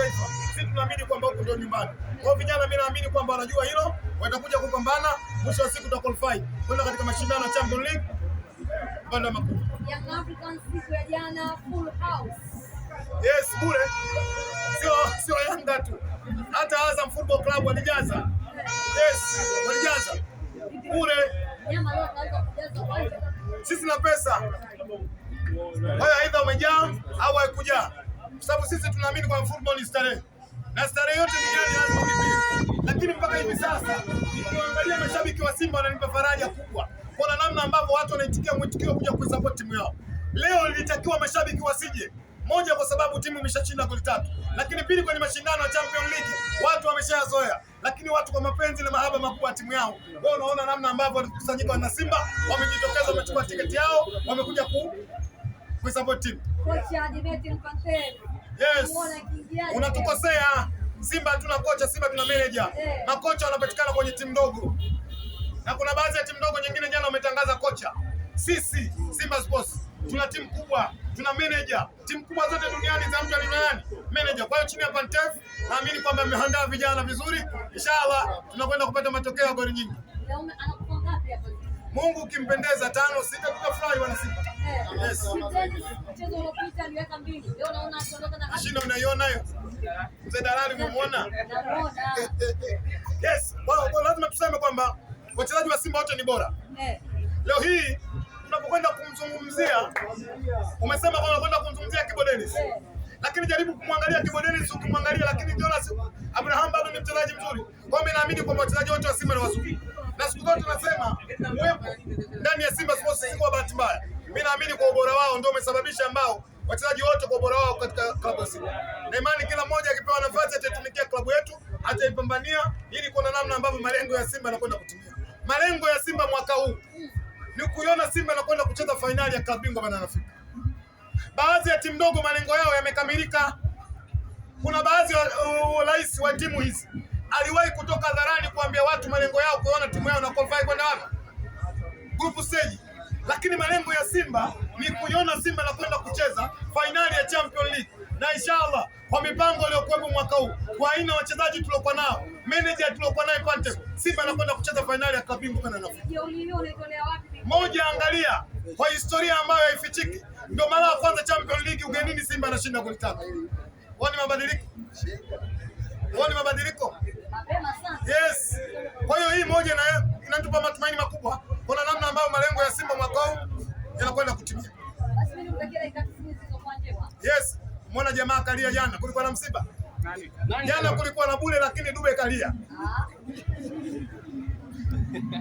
taifa. Sisi tunaamini kwamba huko ndio nyumbani. Kwa vijana, mimi naamini kwamba wanajua hilo, watakuja kupambana, mwisho wa siku tuta qualify kwenda katika mashindano ya Champions League banda makubwa. Young Africans siku ya jana full house. Yes, bure. Sio sio Yanga tu. Hata Azam Football Club walijaza. Yes, walijaza. Bure. Sisi na pesa. Wewe aidha umejaa au haikujaa kwa sababu sisi tunaamini kwa football ni starehe na starehe yote duniani lazima ulipie, lakini mpaka hivi sasa nikiangalia mashabiki wa Simba wananipa faraja kubwa kwa namna ambavyo watu wanaitikia mwitikio kuja kuisupport timu yao. Leo ilitakiwa mashabiki wasije moja, kwa sababu timu imeshashinda goli tatu, lakini pili, kwenye mashindano ya Champions League watu wameshayazoea, lakini watu kwa mapenzi na mahaba makubwa ya timu yao, wao unaona namna ambavyo walikusanyika na Simba wamejitokeza, wamechukua tiketi yao, wamekuja ku kuisupport timu. Yes. Unatukosea. Simba hatuna kocha, Simba tuna manager. Eh. Makocha wanapatikana kwenye timu ndogo, na kuna baadhi ya timu ndogo nyingine jana wametangaza kocha. Sisi Simba Sports tuna timu kubwa, tuna manager. Timu kubwa zote duniani za mtu alinani manager. Kwa hiyo chini ya Pantef naamini kwamba ameandaa vijana vizuri, inshallah tunakwenda kupata matokeo ya goli nyingi. Mungu ukimpendeza, tano sita, tutafurahi wana Simba. Shinda unaiona hiyo? Mzee Dalali umemuona? Yes, lazima tuseme kwamba wachezaji wa Simba wote ni bora. Leo hii unapokwenda kumzungumzia umesema kwamba unakwenda kumzungumzia Kibo Dennis. Lakini jaribu kumwangalia Kibo Dennis ukimwangalia, lakini Jonas Abraham bado ni mchezaji mzuri. Kwa hiyo naamini kwamba wachezaji wote wa Simba ni wazuri. Na siku zote tunasema wewe ndani ya Simba Sports si kwa bahati mbaya. Mimi naamini kwa ubora wao ndio umesababisha ambao wachezaji wote kwa ubora wao katika klabu Simba. Na imani kila mmoja akipewa nafasi atatumikia klabu yetu, ataipambania ili kuona namna ambavyo malengo ya Simba yanakwenda kutimia. Malengo ya Simba mwaka huu ni kuiona Simba inakwenda kucheza fainali ya klabu bingwa barani Afrika. Baadhi ya timu ndogo malengo yao yamekamilika. Kuna baadhi ya uh, rais wa timu hizi aliwahi kutoka hadharani kuambia watu malengo yao kuona timu yao na qualify kwenda wapi? Group stage lakini malengo ya Simba ni kuiona Simba kwenda kucheza fainali ya Champions League na inshallah kwa mipango iliyokuwepo mwaka huu kwa aina wachezaji tuliokuwa nao, manager tuliokuwa naye Pante, Simba anakwenda kucheza fainali ya klabu bingwa na moja. Angalia kwa historia ambayo haifichiki, ndio mara ya kwanza Champions League ugenini Simba anashinda goli tatu. Wao mabadiliko, wao mabadiliko. Yes, kwa hiyo hii moja inatupa matumaini Yes, mwana jamaa kalia jana, kulikuwa na msiba jana, kulikuwa na bure, lakini Dube kalia. Ah.